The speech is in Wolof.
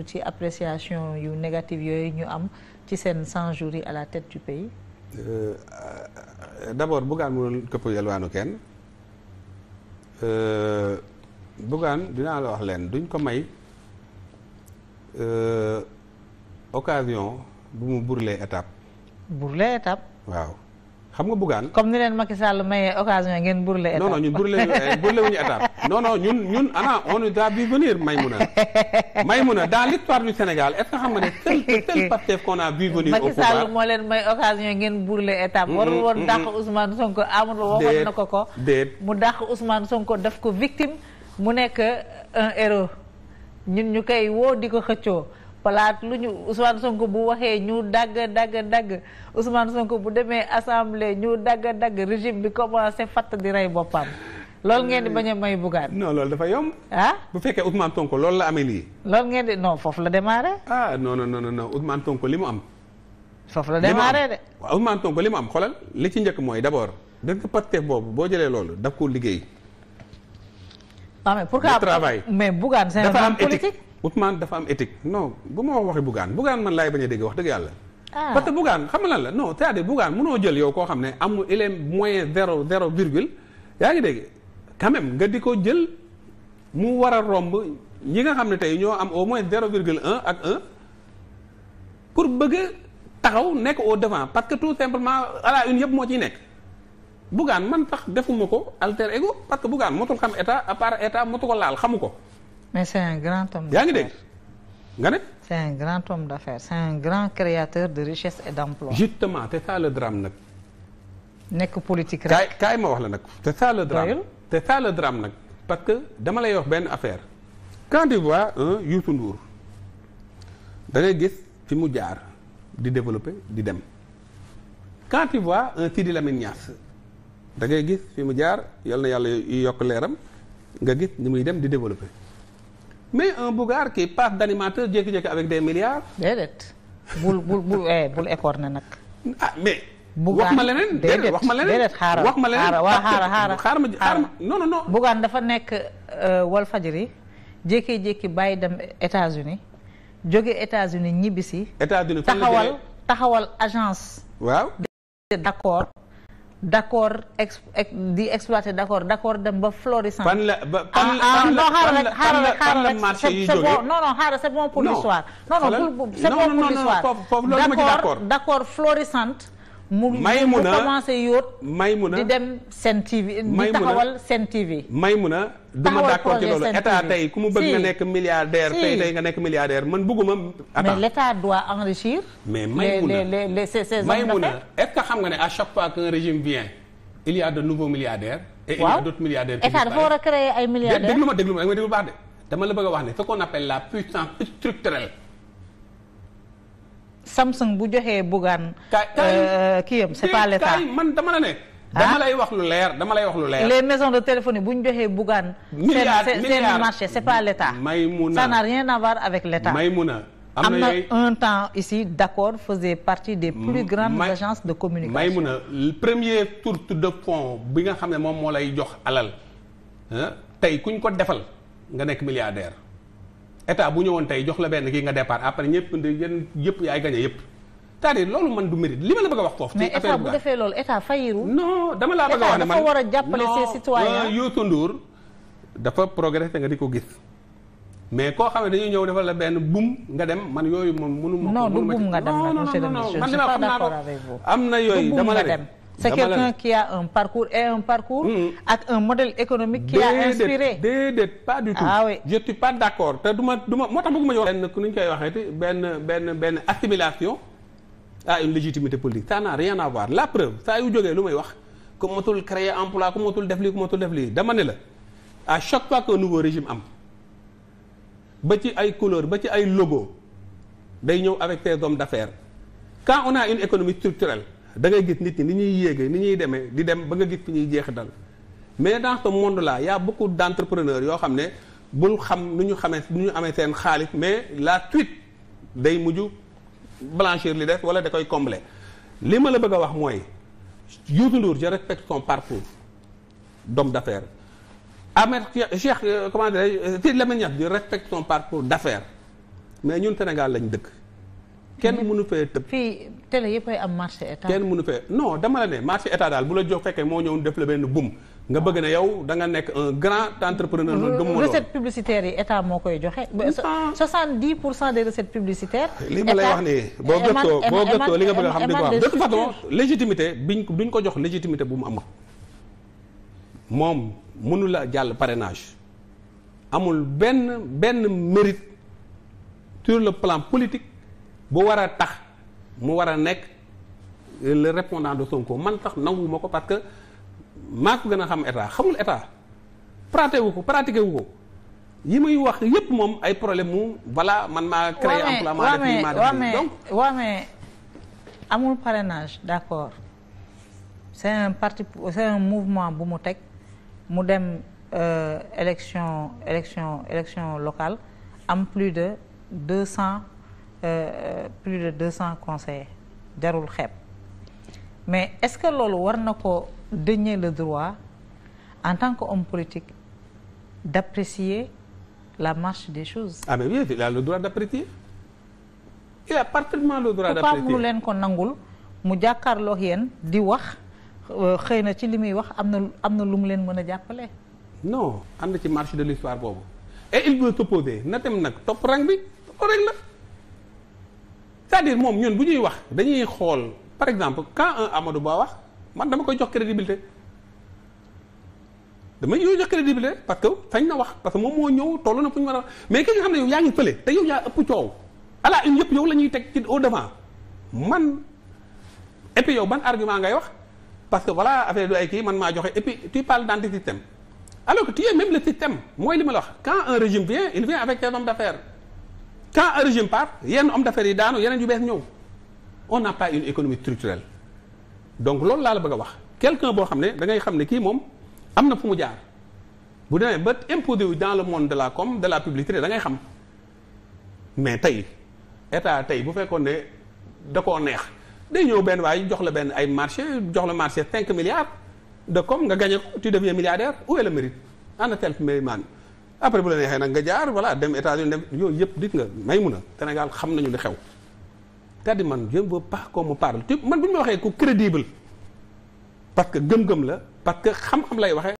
ci appréciation yu négative yooyu ñu am ci seen 100 jours à la tête du pays euh, d'abord mu mënul këpp yelwaanu kenn euh, Bougane dinaa la wax leen duñ ko may euh, occasion bu mu brûler étape brûler étape waaw xam nga Bougane comme ni leen Macky Sall mayee occasion ngeen brûler étape non non ñun ñun ana on doit bien venir Maïmouna Maïmouna dans l'histoire du Sénégal est-ce xam nga ne seul seul Pastef qu'on a venir au pouvoir Macky Sall moo leen may occasion ngeen burle étape mm-hmm, warul woon mm-hmm. dàq Ousmane Sonko amul waxoon na ko ko déet mu dàq Ousmane Sonko def ko victime mu nekk euh, un héros ñun ñu koy woo di ko xëccoo palaat lu ñu Ousmane Sonko bu waxee ñu dagg dagg dagg Ousmane Sonko bu demee assemblée ñu dagg dagg régime bi commencé fatt di rey boppam loolu ngeen di bañ a may bugaan. non loolu dafa yomb. ah bu fekkee Ousmane Sonko loolu la amee lii. loolu ngeen di non foofu la démarré. ah non non non non li mu am. foofu la démarré de. waaw Ousmane Sonko li mu am xoolal li ci njëkk mooy d' abord. dëgg Pastef boobu boo jëlee loolu daf ko liggéey. ah mais pourquoi travail mais bugaan c'est un homme politique Ousmane dafa am éthique non bu ma wax waxi bugaan bugaan man laay bañ a dégg wax dëgg yàlla. Ah. parce que bugaan xam lan la non c'est-à-dire bugaan mënoo jël yow koo xam ne amul il est moyen zéro zéro yaa ngi dégg quand même nga di ko jël mu war a romb ñi nga xam ne tey ñoo am au moins zéro virgule un ak un pour bëgg a taxaw nekk au devant parce que tout simplement à la une yëpp moo ciy nekk Bougane man tax defuma ko alter ego parce que Bougane motul xam état à part état moto ko laal xamu ko. mais c'est un grand homme. yaa ngi dégg nga ne. c'est un grand homme d'affaires c'est un grand créateur de richesse et d'emploi. justement c'est ça le drame nag. nekk politique rek kaay ma wax la nag. te ça le drame te ça le drame nag. parce que dama lay wax benn affaire. quand tu vois un Youssou Ndour gis fi mu jaar di développer di dem. quand tu vois un Sidi Lamine Niass da gis fi mu jaar yal na yàlla yokk leeram nga gis ni muy dem di développer. mais un Bougane qui passe d'animateur jékki-jékki avec des milliards. déedéet bul bul bul eh, bul écorné nag. ah mais. wax ma leneen ma leneen déedéet wax ma leneen waa xaaral xaaral xaaral ma xaaral dafa nekk euh, Walfadjri jékki-jékki bàyyi dem États-Unis jóge États-Unis ñibbisi États-Unis taxawal taxawal agence waaw d'accord d'accord di exploité d'accord d'accord dem ba florissant. fan la ba fan la ah, ah, fan la marché yi jógee ah xaaral c'est bon pour l'histoire. non non c'est bon pour d'accord d'accord Maymuna mu commencé yóot Maymuna di dem Sen TV di taxawal Sen TV Maymuna duma d'accord ci loolu état tey ku mu bëgg nga nekk milliardaire tey tey nga nekk milliardaire man bëgguma mais l'état doit enrichir mais Maymuna les les ces Maymuna est-ce que xam nga ne à chaque fois qu'un régime vient il y a de nouveaux milliardaires et il y a d'autres milliardaires état dafa war a créer ay milliardaires déglu ma déglu ma déglu baax de dama la bëgg a wax ne ce qu'on appelle la puissance structurelle Samsung bu joxee Bougane. kaay euh, kii yam c'est pas l'état man dama la ne. dama ah? lay wax lu leer dama lay wax lu leer. les maisons de téléphonie bu ñu joxee Bougane. milliard seen seen marché c'est pas l'état. Maïmouna ça n'a rien à voir avec l'état. Maïmouna am na un temps ici d'accord faisait partie des plus grandes agences de communication. Maïmouna premier tour de pont bi nga xam ne moom moo lay jox alal tey kuñ ko defal nga nekk milliardaire. état bu ñëwoon tey jox la benn kii nga départ après ñëpp yéen yëpp yaay gagné yëpp cest à loolu man du mérite li ma la bëgg a wax foofu. ci affaire bu defee loolu état fayiru. non dama laa bëgg a wax ne man état dafa war a jàppale ses citoyens. Youssou Ndour dafa nga di ko gis. mais koo xam ne dañuy ñëw defal la benn bum nga dem man yooyu moom mënu ma. non du bum nga dem nag monsieur le ministre je suis pas d'accord am na yooyu dama la dem. c'est quelqu'un qui un parcours et un parcours mm-hmm. ak un modèle économique qui a inspiré déedéet pas du tout ah je suis pas d'accord te du ma du ma moo tax bëgguma jox benn ku ñu koy waxee benn benn benn assimilation à une légitimité politique ça n'a rien à voir la preuve saa yu jógee lu may wax ku matul créer emploi ku matul def lii matul def lii dama ne la à chaque fois qu'un nouveau régime am ba ci ay couleur ba ci ay logo day ñëw avec ses hommes d'affaires quand on a une économie structurelle da ngay gis nit ñi ni ñuy yéegee ni ñuy demee di dem ba nga gis fi ñuy dal mais dans ce monde là y' a beaucoup d' entrepreneurs yoo xam ne bul xam nu ñu xamee nu ñu amee seen xaalis mais la suite day mujj blanchir li def wala da koy combler li ma la bëgg a wax mooy Youssou Ndour je respecte son parcours d'homme d'affaires Ahmed Cheikh euh, comment dirais-je euh, Sidy Lamine Niasse je respecte son parcours d'affaires mais ñun Sénégal lañ dëkk kenn mm-hmm. mënu fee tëb télé yëpp ay am marché état. kenn mënu fee non dama la ne marché état daal bu la jox fekkee moo ñëw def la benn bum nga bëgg ne yow da nga nekk un grand entrepreneur. loolu gëmuma loolu recette publicitaire yi état moo koy joxe. ah 70 pour li ma lay wax nii boo gëstoo boo gëstoo li nga bëgg ko wax de toute façon légitimité ko jox légitimité bu mu amul. moom mënu la jàll parrainage amul benn benn mérite sur le plan politique bu war a tax. mu war a nekk le répondant de Sonko man tax nanguwuma ko parce que maa gën a xam état xamul état praté wu ko pratiqué wu ko yi muy wax yépp moom ay problème mu voilà man maa créé emploi maa def nii maa def donc waaw mais amul parrainage d'accord c'est un parti c'est un mouvement bu mu teg mu dem euh, élection élection élection locale am plus de deux cents Euh, plus de deux cent conseillers jarul xeeb mais est-ce que loolu war na ko dénier le droit en tant que qu'homme politique d'apprécier la marche des chose ah mais oui il a le droit d'apprécier il a parfaitement le droit d'apprécier. pourquoi mënu leen ko nangul mu jàkkaarloo yéen di wax euh, xëy na ci li muy wax am na am na lu mu leen mën a jàppale. non am na ci marche de l'histoire boobu et il veut s'opposer na dem nag topp rang bi loolu rek cest dire moom ñun bu ñuy wax dañuy xool par exemple quand un Amadou Ba wax man dama koy jox crédibilité dama yow jox crédibilité parce que sañ na wax parce que moom moo ñëw toll na fu ñu mën mais ki nga xam ne yow yaa ngi fële te yow yaa ëpp coow ala une yëpp yow la ñuy teg ci au devant man et puis yow ban argument ngay wax parce que voilà affaire du ay kii man maa joxe et puis tu parles d'antisystème alors que tu es même le système mooy li ma la wax quand un régime vient il quand un régime part yenn om d'affaires yi daanu yeneen yu bees ñëw on n'a pas une économie structurelle donc loolu laa la bëgg a wax quelqu'un boo xam ne dangay xam ne kii moom am na fu mu jaar bu demee ba imposé wu dans le monde de la comme de la publicité da xam mais tey état tey bu fekkoon ne da koo neex day ñëw benn waaye jox la benn ay marché jox la marché 5 milliards de com nga gagné ko tu deviens milliardaire où est le mérite ana tel mériman après bu la neexee nag nga jaar voilà dem États-Unis dem yooyu yëpp dit nga may mun a Sénégal xam nañu li xew c'est-à-dire man je ne veux pas qu'on me parle man bu ñu ma waxee ku crédible parce que gëm-gëm la parce que xam-xam lay waxee